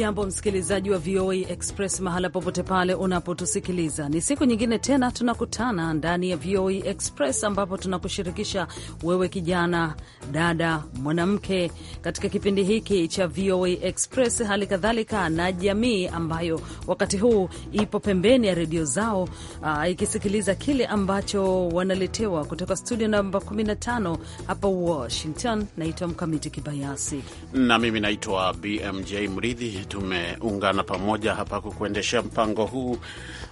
Hujambo msikilizaji wa VOA Express mahala popote pale unapotusikiliza, ni siku nyingine tena tunakutana ndani ya VOA Express ambapo tunakushirikisha wewe kijana, dada, mwanamke katika kipindi hiki cha VOA Express, hali kadhalika na jamii ambayo wakati huu ipo pembeni ya redio zao, uh, ikisikiliza kile ambacho wanaletewa kutoka studio namba 15 hapa Washington. Naitwa Mkamiti Kibayasi na mimi naitwa BMJ Mridhi tumeungana pamoja hapa kukuendeshea mpango huu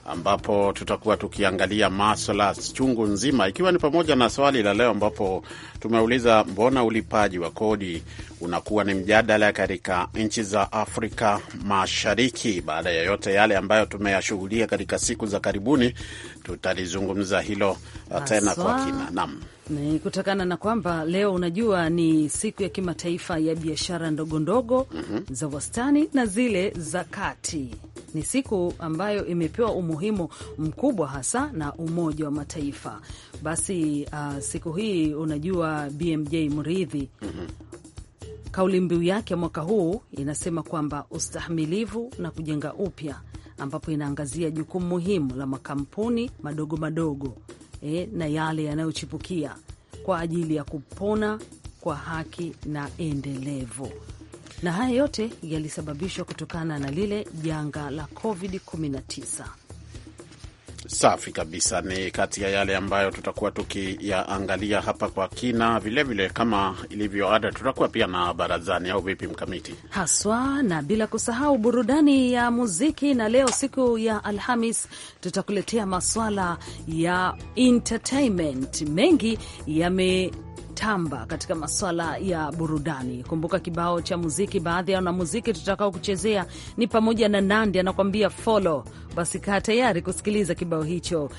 ambapo tutakuwa tukiangalia maswala chungu nzima, ikiwa ni pamoja na swali la leo ambapo tumeuliza mbona ulipaji wa kodi unakuwa ni mjadala katika nchi za Afrika Mashariki. Baada ya yote yale ambayo tumeyashughulia katika siku za karibuni, tutalizungumza hilo uh, tena kwa kina ni kutokana na kwamba leo unajua ni siku ya kimataifa ya biashara ndogondogo mm -hmm. za wastani na zile za kati. Ni siku ambayo imepewa umuhimu mkubwa hasa na Umoja wa Mataifa. Basi uh, siku hii unajua BMJ Mridhi mm -hmm. Kauli mbiu yake mwaka huu inasema kwamba ustahimilivu na kujenga upya, ambapo inaangazia jukumu muhimu la makampuni madogo madogo eh, na yale yanayochipukia kwa ajili ya kupona kwa haki na endelevu. Na haya yote yalisababishwa kutokana na lile janga la COVID-19. Safi kabisa. Ni kati ya yale ambayo tutakuwa tukiyaangalia hapa kwa kina. Vilevile vile, kama ilivyo ada, tutakuwa pia na barazani, au vipi Mkamiti? Haswa, na bila kusahau burudani ya muziki, na leo siku ya Alhamis tutakuletea maswala ya entertainment. Mengi yame yanayotamba katika maswala ya burudani. Kumbuka kibao cha muziki, baadhi ya wanamuziki tutakao kuchezea ni pamoja na Nandi anakuambia follow. Basi kaa tayari kusikiliza kibao hicho.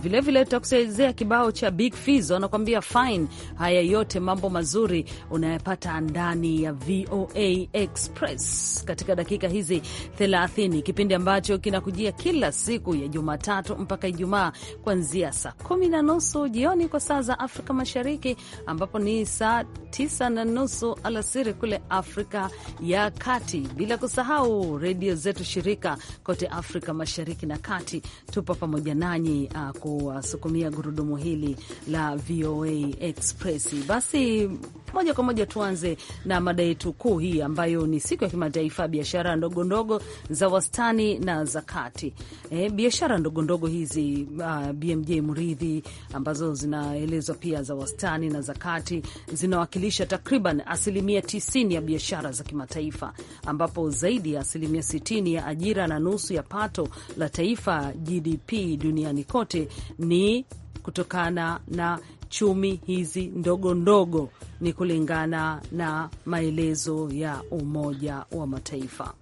Vilevile ah, tutakuchezea kibao cha Big Fizzo anakuambia fine. Haya yote mambo mazuri unayapata ndani ya VOA Express katika dakika hizi 30, kipindi ambacho kinakujia kila siku ya Jumatatu mpaka Ijumaa kuanzia saa kumi na nusu jioni kwa saa za Afrika Mashariki, ambapo ambapo ni saa tisa na nusu alasiri kule Afrika ya Kati, bila kusahau redio zetu shirika kote Afrika Mashariki na Kati. Tupo pamoja nanyi uh, kuwasukumia gurudumu hili la VOA Express. Basi moja kwa moja tuanze na mada yetu kuu hii ambayo ni siku ya kimataifa ya biashara ndogondogo za wastani na za kati. E, biashara ndogondogo hizi uh, BMJ Mridhi ambazo zinaelezwa pia za wastani na za kati nishati zinawakilisha takriban asilimia 90 ya biashara za kimataifa, ambapo zaidi ya asilimia 60 ya ajira na nusu ya pato la taifa GDP duniani kote ni kutokana na chumi hizi ndogo ndogo, ni kulingana na maelezo ya Umoja wa Mataifa.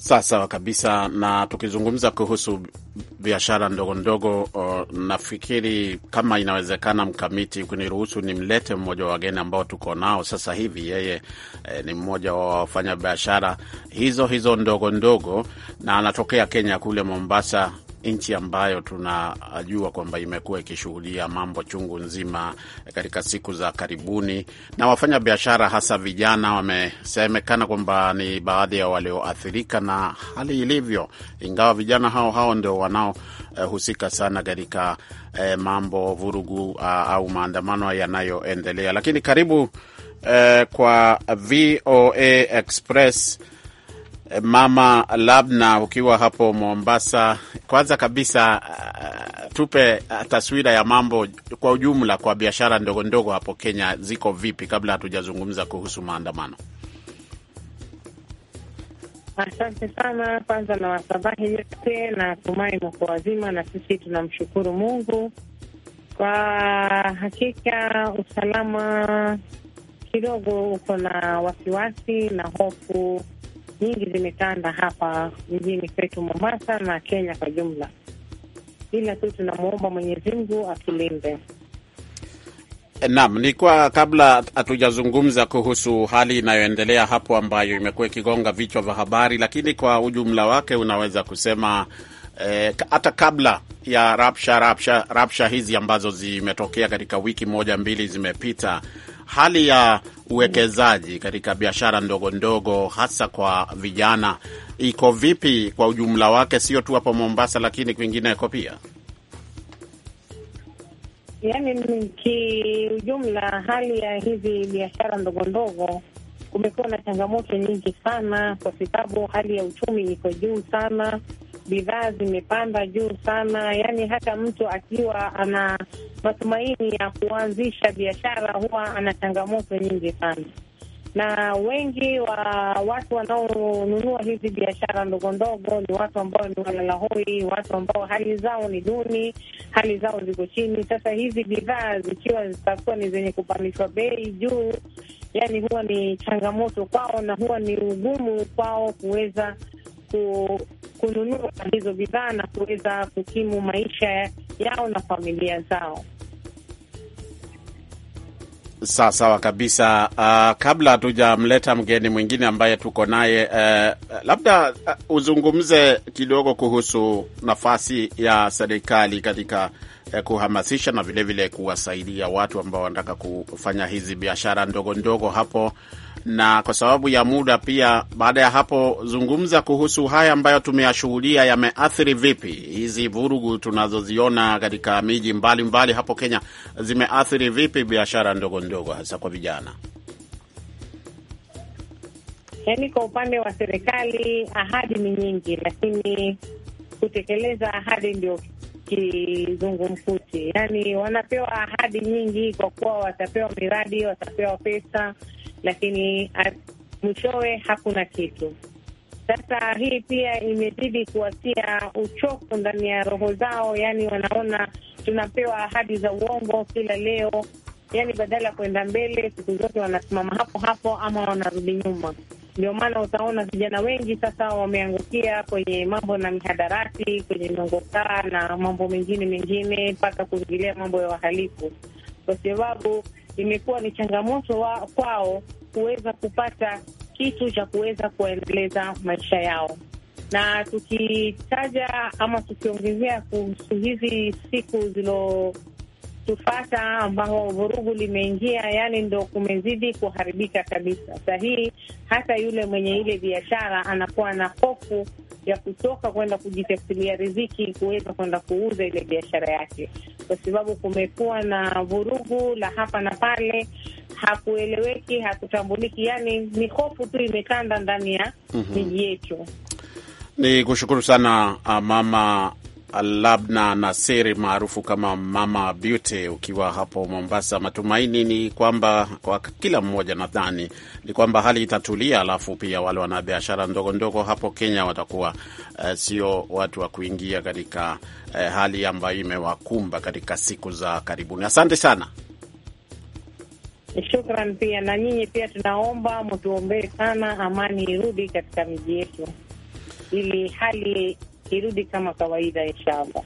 Sawa kabisa. Na tukizungumza kuhusu biashara ndogo ndogo, nafikiri kama inawezekana, Mkamiti kuniruhusu nimlete mmoja wa wageni ambao tuko nao sasa hivi. Yeye e, ni mmoja wa wafanya biashara hizo hizo ndogo ndogo, na anatokea Kenya kule Mombasa nchi ambayo tunajua kwamba imekuwa ikishuhudia mambo chungu nzima katika siku za karibuni, na wafanya biashara hasa vijana wamesemekana kwamba ni baadhi ya walioathirika na hali ilivyo, ingawa vijana hao hao ndio wanaohusika sana katika eh, mambo vurugu, uh, au maandamano yanayoendelea. Lakini karibu eh, kwa VOA Express. Eh, Mama Labna, ukiwa hapo Mombasa, kwanza kabisa uh, tupe eh, taswira ya mambo kwa ujumla kwa biashara ndogo ndogo hapo Kenya ziko vipi, kabla hatujazungumza kuhusu maandamano. Asante sana. Kwanza na wasabahi yote, na tumai mko wazima, na sisi tunamshukuru Mungu. Kwa hakika usalama kidogo uko na wasiwasi na hofu nyingi zimetanda hapa mjini kwetu Mombasa na Kenya kwa jumla, ila tu tunamwomba Mwenyezi Mungu atulinde. Naam, ni kwa kabla hatujazungumza kuhusu hali inayoendelea hapo ambayo imekuwa ikigonga vichwa vya habari, lakini kwa ujumla wake unaweza kusema eh, hata eh, kabla ya rapsha rapsha rapsha hizi ambazo zimetokea katika wiki moja mbili zimepita hali ya uwekezaji katika biashara ndogo ndogo hasa kwa vijana iko vipi kwa ujumla wake, sio tu hapo Mombasa, lakini kwingineko pia? Yaani kiujumla, hali ya hizi biashara ndogo ndogo kumekuwa na changamoto nyingi sana, kwa sababu hali ya uchumi iko juu sana, bidhaa zimepanda juu sana. Yaani hata mtu akiwa ana matumaini ya kuanzisha biashara huwa ana changamoto nyingi sana, na wengi wa watu wanaonunua hizi biashara ndogo ndogo ni watu ambao ni walalahoi, watu ambao hali zao ni duni, hali zao ziko chini. Sasa hizi bidhaa zikiwa zitakuwa ni zenye kupandishwa bei juu, yani huwa ni changamoto kwao na huwa ni ugumu kwao kuweza kununua hizo bidhaa na kuweza kukimu maisha yao na familia zao. Sawa sawa kabisa. Uh, kabla hatujamleta mgeni mwingine ambaye tuko naye uh, labda uh, uzungumze kidogo kuhusu nafasi ya serikali katika uh, kuhamasisha na vilevile kuwasaidia watu ambao wanataka kufanya hizi biashara ndogo ndogo hapo na kwa sababu ya muda pia, baada ya hapo, zungumza kuhusu haya ambayo tumeyashuhudia yameathiri vipi hizi vurugu tunazoziona katika miji mbalimbali hapo Kenya, zimeathiri vipi biashara ndogo ndogo, hasa kwa vijana? Yaani, kwa upande wa serikali ahadi ni nyingi, lakini kutekeleza ahadi ndio kizungumkuti. Yaani wanapewa ahadi nyingi kwa kuwa watapewa miradi, watapewa pesa lakini mwishowe hakuna kitu. Sasa hii pia imezidi kuwatia uchovu ndani ya roho zao, yani wanaona tunapewa ahadi za uongo kila leo, yani badala ya kuenda mbele, siku zote wanasimama hapo hapo ama wanarudi nyuma. Ndio maana utaona vijana wengi sasa wameangukia kwenye mambo na mihadarati, kwenye miongokaa na mambo mengine mengine, mpaka kuingilia mambo ya wahalifu, kwa sababu imekuwa ni changamoto wa, kwao kuweza kupata kitu cha kuweza kuendeleza maisha yao. Na tukitaja ama tukiongezea kuhusu hizi siku zilotufata ambao vurugu limeingia, yani ndo kumezidi kuharibika kabisa. Sahii hii hata yule mwenye ile biashara anakuwa na hofu ya kutoka kwenda kujitafutia riziki, kuweza kwenda kuuza ile biashara yake, kwa sababu kumekuwa na vurugu la hapa na pale, hakueleweki, hakutambuliki. Yani ni hofu tu imetanda ndani ya mhm. miji mm -hmm. yetu. Ni kushukuru sana uh, mama Labna Nasiri maarufu kama Mama Beauty, ukiwa hapo Mombasa. Matumaini ni kwamba kwa kila mmoja nadhani ni kwamba hali itatulia, alafu pia wale wanabiashara ndogo ndogo hapo Kenya watakuwa eh, sio watu wa kuingia katika eh, hali ambayo imewakumba katika siku za karibuni. Asante sana. Shukran pia na nyinyi pia, tunaomba mtuombee sana, amani irudi katika miji yetu ili hali kirudi kama kawaida inshallah.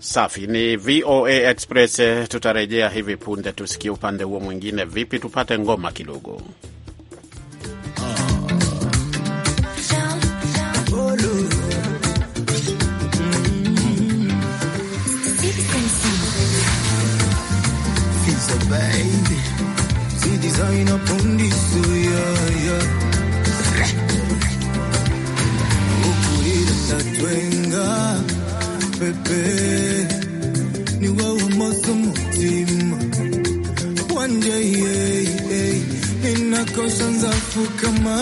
Safi, ni VOA Express. Eh, tutarejea hivi punde tusikie upande huo mwingine. Vipi, tupate ngoma kidogo. pepe ni wowe mose umutima wanjye ninakosha nzapfukama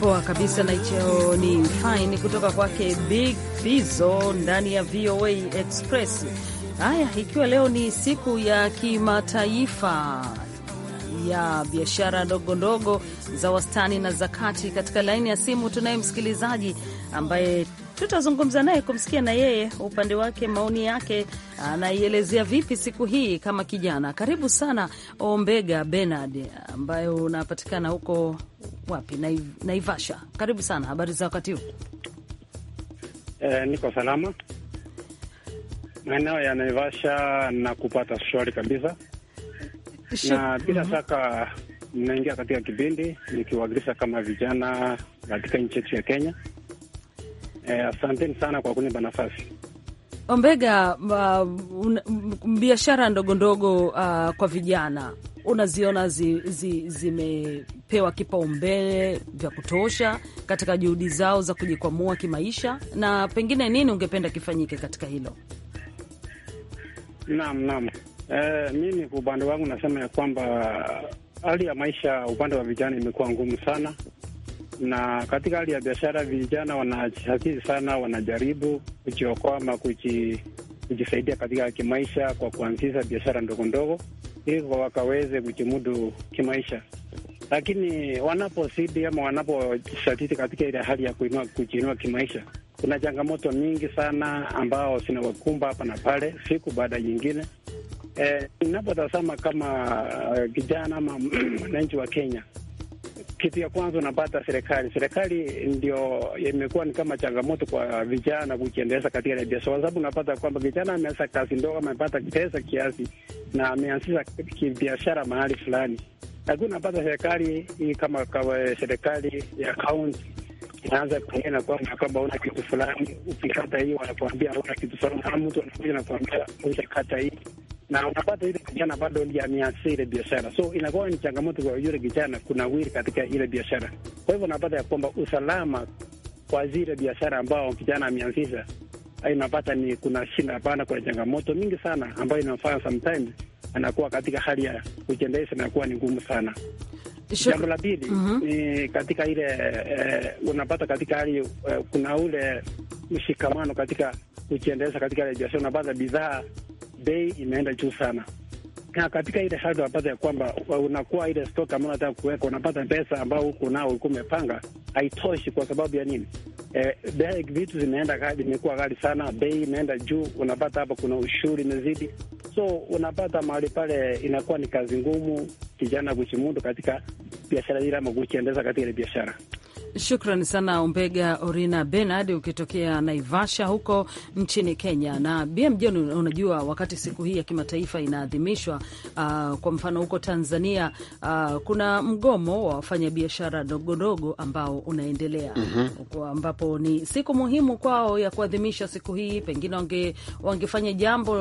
Poa kabisa na hicho ni fine kutoka kwake Big Bizo ndani ya VOA Express. Haya, ikiwa leo ni siku ya kimataifa ya biashara ndogo ndogo za wastani na za kati, katika laini ya simu tunaye msikilizaji ambaye Tutazungumza naye kumsikia na yeye upande wake, maoni yake, anaielezea vipi siku hii kama kijana. Karibu sana Ombega Benard ambayo unapatikana huko wapi, Naivasha. Karibu sana, habari za wakati huu? Eh, niko salama maeneo ya Naivasha na kupata shwari kabisa Shuk na bila mm -hmm. shaka katika kipindi nikiwagirisha kama vijana katika nchi yetu ya Kenya Eh, asanteni sana kwa kunipa nafasi. Ombega, uh, biashara ndogo ndogo uh, kwa vijana unaziona zi, zi, zimepewa kipaumbele vya kutosha katika juhudi zao za kujikwamua kimaisha, na pengine nini ungependa kifanyike katika hilo? Naam, naam. Eh, mimi kwa upande wangu nasema ya kwamba hali ya maisha upande wa vijana imekuwa ngumu sana, na katika hali ya biashara, vijana wanajihakizi sana, wanajaribu kujiokoa ama kuji, kujisaidia katika kimaisha kwa kuanzisha biashara ndogo ndogo ili wakaweze kujimudu kimaisha, lakini wanapozidi ama wanaposatiti katika ile hali ya kuinua, kujiinua kimaisha, kuna changamoto nyingi sana ambao zinawakumba hapa na pale, siku baada nyingine. Eh, ninapotazama inapotazama kama kijana eh, ama mwananchi wa Kenya kitu ya kwanza unapata serikali, serikali ndio imekuwa ni kama changamoto kwa vijana kujiendeleza katika biashara, kwa sababu unapata kwamba vijana ameanza kazi ndogo, amepata pesa kiasi na ameanzisha kibiashara mahali fulani, lakini unapata serikali hii kama serikali ya kaunti inaanza kuena kwamba kwamba una kitu fulani, ukikata hii wanakuambia una kitu fulani, na mtu anakuja nakuambia utakata hii na unapata ile kijana bado ndiye ameanzia ile biashara, so inakuwa ni changamoto kwa yule kijana kunawiri katika ile biashara. Kwa hivyo unapata ya kwamba usalama kwa zile biashara ambao kijana ameanzisha inapata eh, ni kuna shida, hapana, kuna changamoto mingi sana ambayo inafanya sometimes anakuwa katika hali ya kujiendeleza inakuwa ni ngumu sana. Jambo la pili mm-hmm. ni mm -hmm. katika ile eh, unapata katika hali eh, kuna ule mshikamano katika kujiendeleza katika ile biashara, unapata bidhaa bei imeenda juu sana, na katika ile hali unapata ya kwamba unakuwa ile stock ambayo unataka kuweka, unapata pesa ambao huku nao ulikuwa umepanga haitoshi. Kwa sababu ya nini? Eh, vitu zimeenda imekuwa ghali sana, bei imeenda juu, unapata hapa kuna ushuru imezidi, so unapata mahali pale inakuwa ni kazi ngumu kijana kuchimundu katika biashara ile ama kuchiendeza katika ile biashara. Shukran sana Umbega Orina Benard ukitokea Naivasha huko nchini Kenya. Na BMJ, unajua wakati siku hii ya kimataifa inaadhimishwa, uh, kwa mfano huko Tanzania uh, kuna mgomo wa wafanyabiashara dogodogo ambao unaendelea mm -hmm. ambapo ni siku muhimu kwao ya kuadhimisha siku hii, pengine wange, wangefanya jambo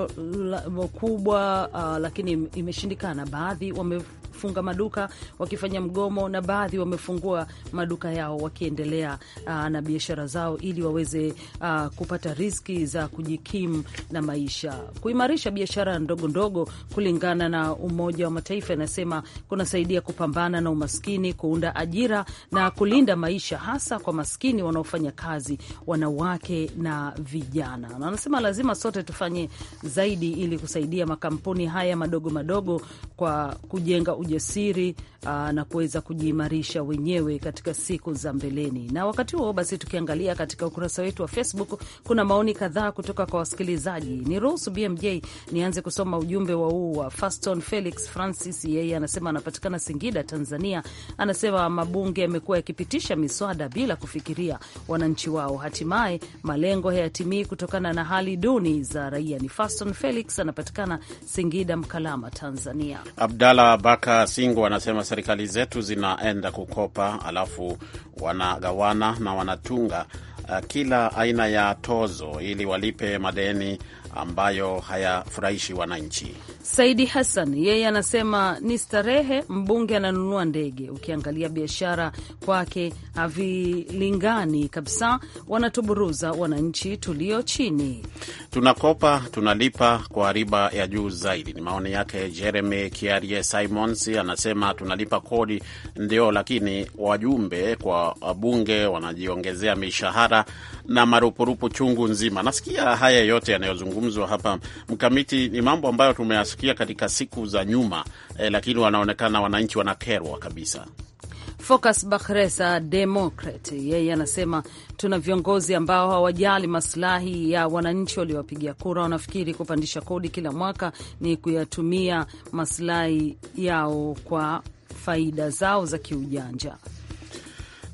la, kubwa uh, lakini imeshindikana. Baadhi wame kufunga maduka wakifanya mgomo, na baadhi wamefungua maduka yao wakiendelea uh, na biashara zao ili waweze uh, kupata riziki za kujikimu na maisha, kuimarisha biashara ndogo ndogo. Kulingana na Umoja wa Mataifa, inasema kunasaidia kupambana na umaskini, kuunda ajira na kulinda maisha, hasa kwa maskini wanaofanya kazi, wanawake na vijana. Na anasema lazima sote tufanye zaidi ili kusaidia makampuni haya madogo madogo kwa kujenga ujasiri uh, na kuweza kujiimarisha wenyewe katika siku za mbeleni. Na wakati huo basi, tukiangalia katika ukurasa wetu wa Facebook kuna maoni kadhaa kutoka kwa wasikilizaji. Ni ruhusu BMJ nianze kusoma ujumbe wa huu wa Faston Felix Francis, yeye anasema anapatikana Singida, Tanzania. Anasema mabunge yamekuwa yakipitisha miswada bila kufikiria wananchi wao, hatimaye malengo hayatimii kutokana na hali duni za raia. Ni Faston Felix anapatikana Singida, Mkalama, Tanzania. Abdala Baka Singo anasema serikali zetu zinaenda kukopa, alafu wanagawana na wanatunga uh, kila aina ya tozo ili walipe madeni ambayo hayafurahishi wananchi. Saidi Hassan yeye anasema ni starehe, mbunge ananunua ndege. Ukiangalia biashara kwake havilingani kabisa, wanatuburuza wananchi tulio chini. Tunakopa tunalipa kwa riba ya juu zaidi, ni maoni yake Jeremy Kiarie Simons. Anasema tunalipa kodi ndio, lakini wajumbe kwa wabunge wanajiongezea mishahara na marupurupu chungu nzima. Nasikia haya yote yanayozungumza yanazungumzwa hapa mkamiti, ni mambo ambayo tumeyasikia katika siku za nyuma eh, lakini wanaonekana wananchi wanakerwa kabisa. Focus Bahresa Democrat yeye anasema tuna viongozi ambao hawajali maslahi ya wananchi waliowapigia kura, wanafikiri kupandisha kodi kila mwaka ni kuyatumia maslahi yao kwa faida zao za kiujanja.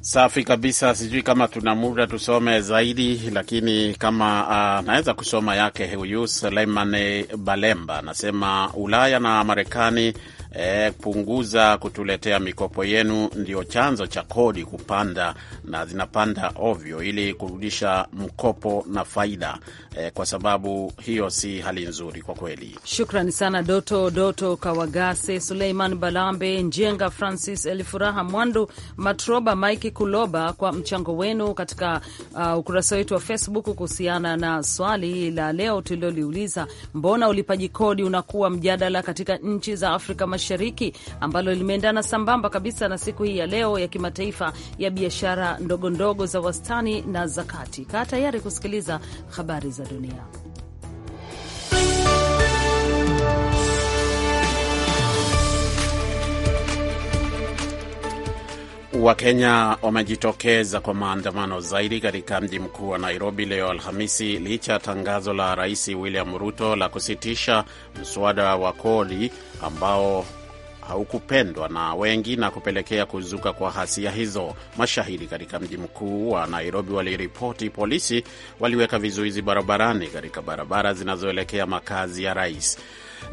Safi kabisa. Sijui kama tuna muda tusome zaidi, lakini kama uh, naweza kusoma yake huyu Suleiman Balemba anasema Ulaya na Marekani eh, punguza kutuletea mikopo yenu, ndio chanzo cha kodi kupanda na zinapanda ovyo, ili kurudisha mkopo na faida eh, kwa sababu hiyo si hali nzuri kwa kweli. Shukrani sana Doto Doto Kawagase, Suleiman Balambe Njenga, Francis Elifuraha Mwandu, Matroba Mike Kuloba kwa mchango wenu katika uh, ukurasa wetu wa Facebook kuhusiana na swali la leo tuliloliuliza, mbona ulipaji kodi unakuwa mjadala katika nchi za Afrika Mashariki, ambalo limeendana sambamba kabisa na siku hii ya leo ya kimataifa ya biashara ndogondogo za wastani na za kati. Kaa tayari kusikiliza habari za za dunia. Wakenya wamejitokeza kwa maandamano zaidi katika mji mkuu wa Nairobi leo Alhamisi, licha ya tangazo la Rais William Ruto la kusitisha mswada wa kodi ambao haukupendwa na wengi na kupelekea kuzuka kwa hasia hizo. Mashahidi katika mji mkuu wa Nairobi waliripoti polisi waliweka vizuizi barabarani katika barabara zinazoelekea makazi ya rais.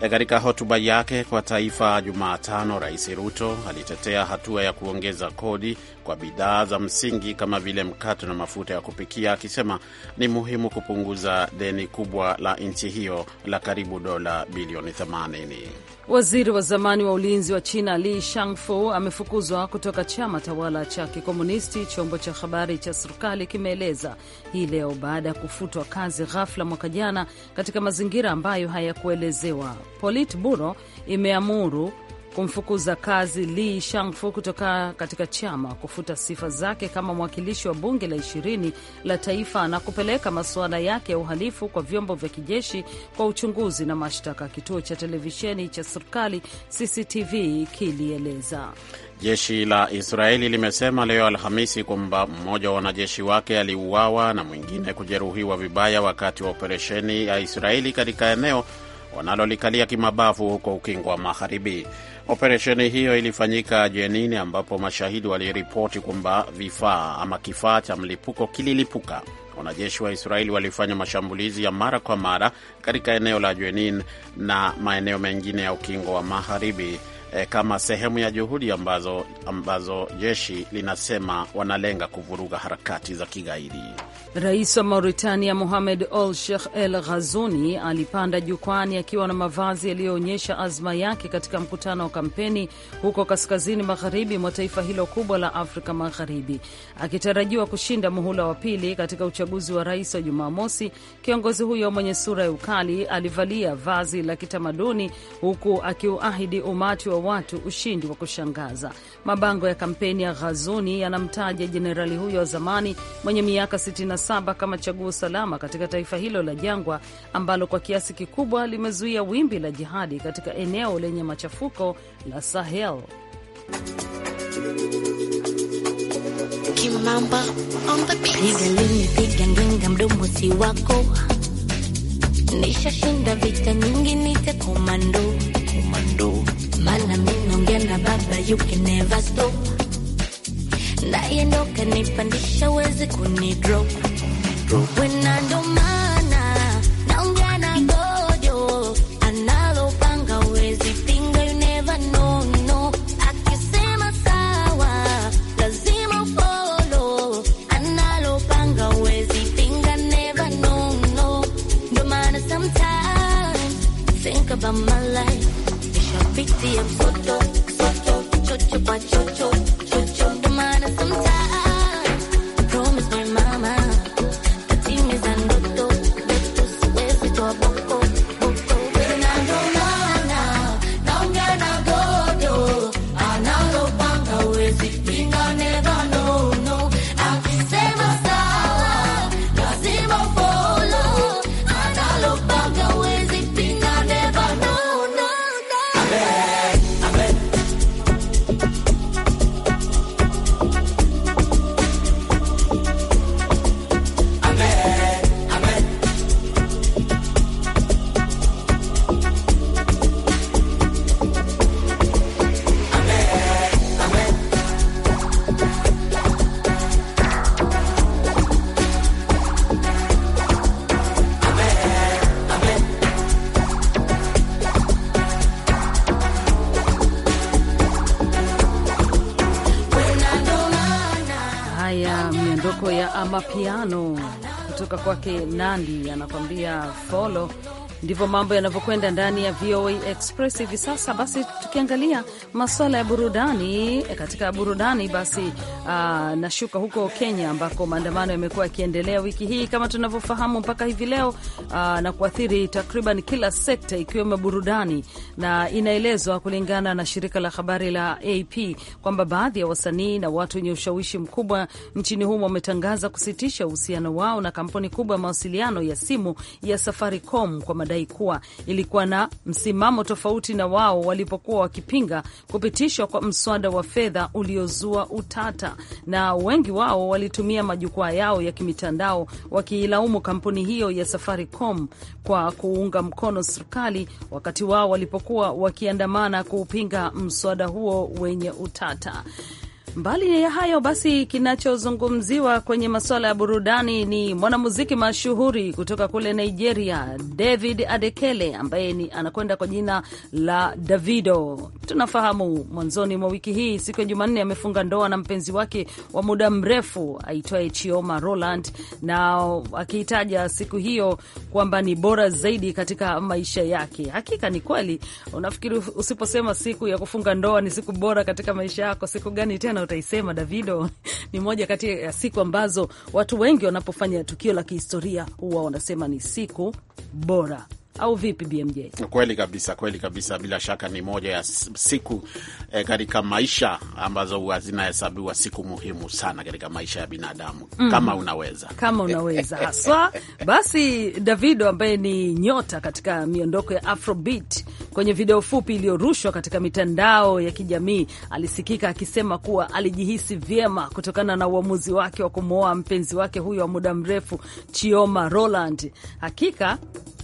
E, katika hotuba yake kwa taifa Jumatano, Rais Ruto alitetea hatua ya kuongeza kodi kwa bidhaa za msingi kama vile mkate na mafuta ya kupikia, akisema ni muhimu kupunguza deni kubwa la nchi hiyo la karibu dola bilioni 80. Waziri wa zamani wa ulinzi wa China Li Shangfu amefukuzwa kutoka chama tawala cha kikomunisti, chombo cha habari cha serikali kimeeleza hii leo baada ya kufutwa kazi ghafla mwaka jana katika mazingira ambayo hayakuelezewa. Politburo imeamuru kumfukuza kazi Li Shangfu kutoka katika chama, kufuta sifa zake kama mwakilishi wa bunge la ishirini la taifa na kupeleka masuala yake ya uhalifu kwa vyombo vya kijeshi kwa uchunguzi na mashtaka, kituo cha televisheni cha serikali CCTV kilieleza. Jeshi la Israeli limesema leo Alhamisi kwamba mmoja wa wanajeshi wake aliuawa na mwingine kujeruhiwa vibaya wakati wa operesheni ya Israeli katika eneo wanalolikalia kimabavu huko Ukingo wa Magharibi. Operesheni hiyo ilifanyika Jenini, ambapo mashahidi waliripoti kwamba vifaa ama kifaa cha mlipuko kililipuka. Wanajeshi wa Israeli walifanya mashambulizi ya mara kwa mara katika eneo la Jenin na maeneo mengine ya ukingo wa Magharibi eh, kama sehemu ya juhudi ambazo, ambazo jeshi linasema wanalenga kuvuruga harakati za kigaidi. Rais wa Mauritania Mohamed Ould Sheikh El Ghazouani alipanda jukwani akiwa na mavazi yaliyoonyesha azma yake katika mkutano wa kampeni huko kaskazini magharibi mwa taifa hilo kubwa la Afrika Magharibi, akitarajiwa kushinda muhula wa pili katika uchaguzi wa rais wa Jumamosi. Kiongozi huyo mwenye sura ya ukali alivalia vazi la kitamaduni huku akiuahidi umati wa watu ushindi wa kushangaza. Mabango ya kampeni ya Ghazuni yanamtaja jenerali huyo wa zamani mwenye miaka 67 kama chaguo salama katika taifa hilo la jangwa ambalo kwa kiasi kikubwa limezuia wimbi la jihadi katika eneo lenye machafuko la Sahel. Kimamba on the beat. Mdomo si wako, nishashinda vita nyingi, nite komando komando. Mana minongea na baba, you can never stop. Naye ndo kanipandisha, wezi kunidrop. When I don't mind be absorbed. Haya, miondoko ya amapiano kutoka kwake Nandi anakwambia folo Ndivyo mambo yanavyokwenda ndani ya VOA Express hivi sasa. Basi tukiangalia masuala ya burudani, eh, katika burudani basi uh, nashuka huko Kenya ambako maandamano yamekuwa yakiendelea wiki hii kama tunavyofahamu mpaka hivi leo uh, na kuathiri takriban kila sekta ikiwemo burudani, na inaelezwa kulingana na shirika la habari la AP kwamba baadhi ya wasanii na watu wenye ushawishi mkubwa nchini humo wametangaza kusitisha uhusiano wao na kampuni kubwa ya mawasiliano ya simu ya Safaricom kwa wanadai kuwa ilikuwa na msimamo tofauti na wao walipokuwa wakipinga kupitishwa kwa mswada wa fedha uliozua utata, na wengi wao walitumia majukwaa yao ya kimitandao wakiilaumu kampuni hiyo ya Safaricom kwa kuunga mkono serikali wakati wao walipokuwa wakiandamana kuupinga mswada huo wenye utata. Mbali ya hayo basi, kinachozungumziwa kwenye masuala ya burudani ni mwanamuziki mashuhuri kutoka kule Nigeria, David Adekele, ambaye ni anakwenda kwa jina la Davido. Tunafahamu mwanzoni mwa wiki hii, siku ya Jumanne, amefunga ndoa na mpenzi wake wa muda mrefu aitwaye Chioma Roland, na akiitaja siku hiyo kwamba ni bora zaidi katika maisha yake. Hakika ni kweli. Unafikiri usiposema siku ya kufunga ndoa ni siku bora katika maisha yako, siku gani tena sana utaisema Davido. Ni moja kati ya siku ambazo watu wengi wanapofanya tukio la kihistoria huwa wanasema ni siku bora au vipi BMJ? Kweli kabisa, kweli kabisa. Bila shaka ni moja ya siku eh, katika maisha ambazo zinahesabiwa siku muhimu sana katika maisha ya binadamu mm. Kama unaweza kama unaweza haswa basi, Davido ambaye ni nyota katika miondoko ya Afrobeat kwenye video fupi iliyorushwa katika mitandao ya kijamii alisikika akisema kuwa alijihisi vyema kutokana na uamuzi wake wa kumwoa mpenzi wake huyo wa muda mrefu Chioma Roland. Hakika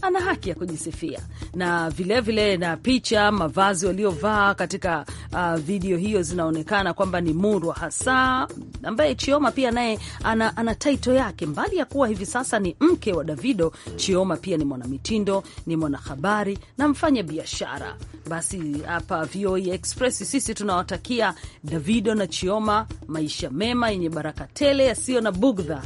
ana haki ya kujisifia, na vilevile vile na picha, mavazi waliovaa katika uh, video hiyo zinaonekana kwamba ni Murwa hasa, ambaye Chioma pia naye ana, ana taito yake. Mbali ya kuwa hivi sasa ni mke wa Davido, Chioma pia ni mwanamitindo, ni mwanahabari na mfanya biashara. Basi hapa VOA e Express sisi tunawatakia Davido na Chioma maisha mema yenye baraka tele yasiyo na bugdha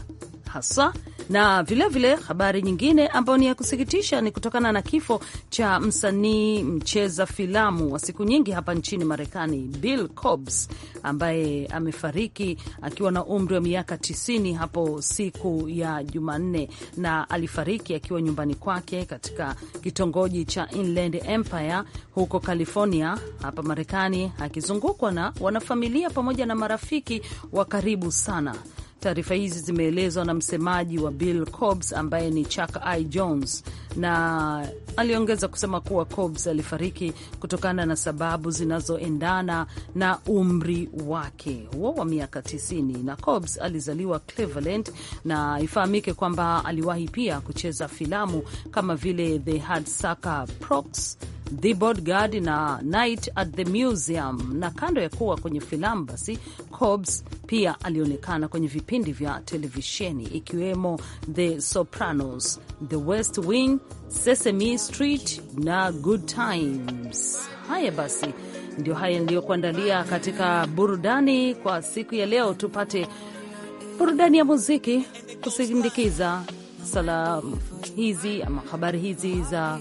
hasa. Na vilevile vile, habari nyingine ambayo ni ya kusikitisha ni kutokana na kifo cha msanii mcheza filamu wa siku nyingi hapa nchini Marekani Bill Cobbs ambaye amefariki akiwa na umri wa miaka 90 hapo siku ya Jumanne, na alifariki akiwa nyumbani kwake katika kitongoji cha Inland Empire huko California hapa Marekani, akizungukwa na wanafamilia pamoja na marafiki wa karibu sana. Taarifa hizi zimeelezwa na msemaji wa Bill Cobbs ambaye ni Chuck I Jones, na aliongeza kusema kuwa Cobbs alifariki kutokana na sababu zinazoendana na umri wake huo wa miaka 90. Na Cobbs alizaliwa Cleveland, na ifahamike kwamba aliwahi pia kucheza filamu kama vile The Hudsucker Proxy The Bodyguard na Night at the Museum. Na kando ya kuwa kwenye filamu, basi Cobbs pia alionekana kwenye vipindi vya televisheni ikiwemo The Sopranos, The West Wing, Sesame Street na Good Times. Haya basi, ndio haya niliyokuandalia katika burudani kwa siku ya leo. Tupate burudani ya muziki kusindikiza salamu hizi ama habari hizi za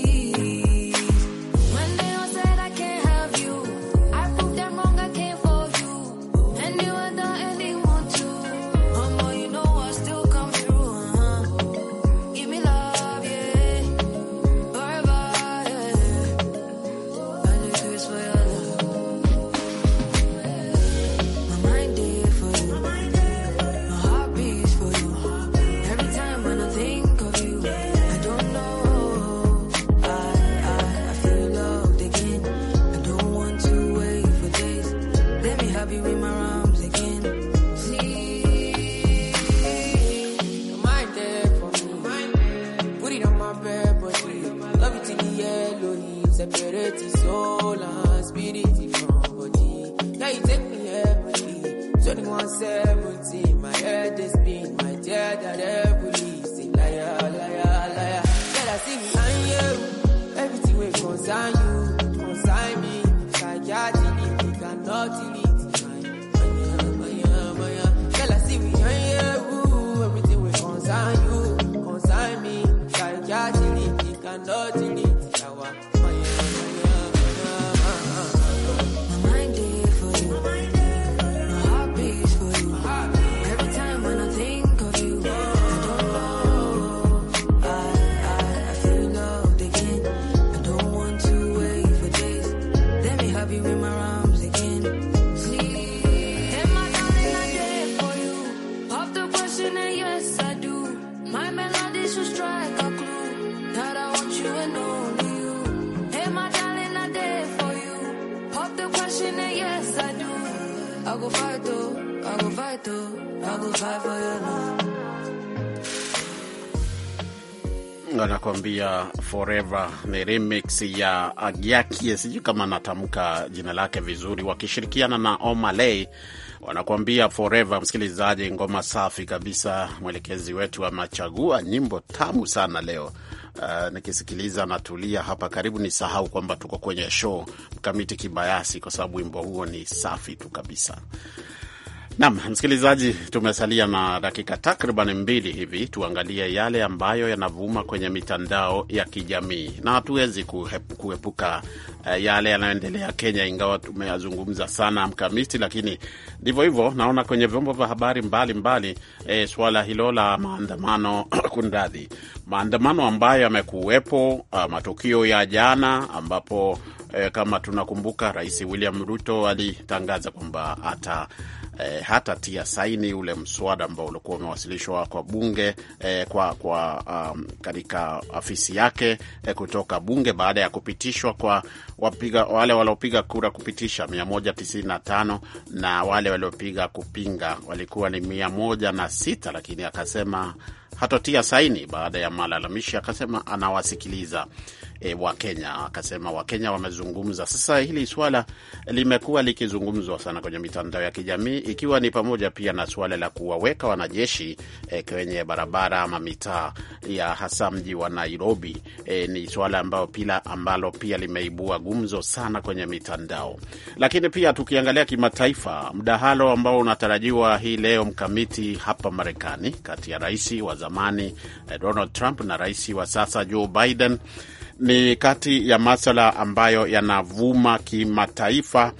I'll be in my arms again. Please, you there for me. Put it on my love it the yellow leaves. Separate soul and spirit from body. Now you take me heavily. 21 my head is spin, my that at heavily. Say liar, liar, liar. Tell I see behind you. Everything will consign you, consign me. Psychiatry, if you cannot leave. anakuambia Forever ni remix ya Agiakie, sijui kama anatamka jina lake vizuri, wakishirikiana na Omaley wanakuambia Forever. Msikilizaji, ngoma safi kabisa. Mwelekezi wetu amechagua nyimbo tamu sana leo. Uh, nikisikiliza natulia hapa, karibu ni sahau kwamba tuko kwenye show mkamiti kibayasi, kwa sababu wimbo huo ni safi tu kabisa. Nam msikilizaji, tumesalia na dakika takriban mbili hivi, tuangalie yale ambayo yanavuma kwenye mitandao ya kijamii, na hatuwezi kuepuka eh, yale yanayoendelea Kenya, ingawa tumeyazungumza sana Mkamiti, lakini ndivyo hivyo. Naona kwenye vyombo vya habari mbalimbali e, eh, suala hilo la maandamano kundadhi, maandamano ambayo yamekuwepo, ah, matukio ya jana ambapo e, kama tunakumbuka Rais William Ruto alitangaza kwamba ata eh, hata tia saini ule mswada ambao ulikuwa umewasilishwa kwa bunge eh, kwa, kwa um, katika afisi yake eh, kutoka bunge baada ya kupitishwa kwa wapiga, wale waliopiga kura kupitisha 195 na wale waliopiga kupinga walikuwa ni 106, lakini akasema hatotia saini baada ya malalamishi. Akasema anawasikiliza e, Wakenya. Akasema Wakenya wamezungumza. Sasa hili swala limekuwa likizungumzwa sana kwenye mitandao ya kijamii, ikiwa ni pamoja pia na suala la kuwaweka wanajeshi e, kwenye barabara ama mitaa ya hasa mji wa Nairobi. E, ni suala ambalo pia, ambalo pia limeibua gumzo sana kwenye mitandao. Lakini pia tukiangalia kimataifa, mdahalo ambao unatarajiwa hii leo mkamiti hapa Marekani kati ya rais wa zamani eh, Donald Trump na rais wa sasa Joe Biden ni kati ya maswala ambayo yanavuma kimataifa,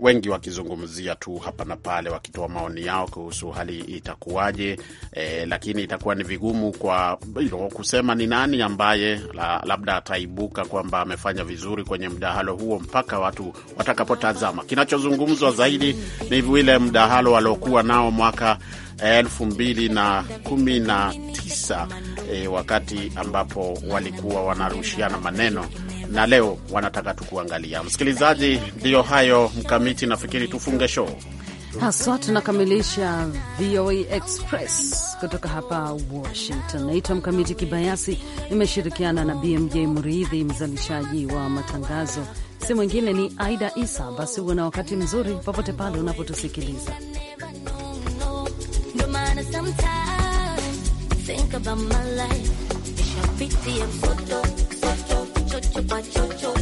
wengi wakizungumzia tu hapa na pale, wakitoa maoni yao kuhusu hali itakuwaje. E, lakini itakuwa ni vigumu kwa you kusema ni nani ambaye la, labda ataibuka kwamba amefanya vizuri kwenye mdahalo huo mpaka watu watakapotazama. Kinachozungumzwa zaidi ni vile mdahalo aliokuwa nao mwaka elfu mbili na kumi na tisa e, wakati ambapo walikuwa wanarushiana maneno na leo wanataka tukuangalia. Msikilizaji, ndiyo hayo mkamiti, nafikiri tufunge show haswa. Tunakamilisha VOA Express kutoka hapa Washington. Naitwa Mkamiti Kibayasi, nimeshirikiana na BMJ Mridhi, mzalishaji wa matangazo si mwingine ni Aida Isa. Basi uwe na wakati mzuri popote pale unapotusikiliza. some time. Think about my life. Nishapitia mtoto, mtoto, chocho kwa chocho.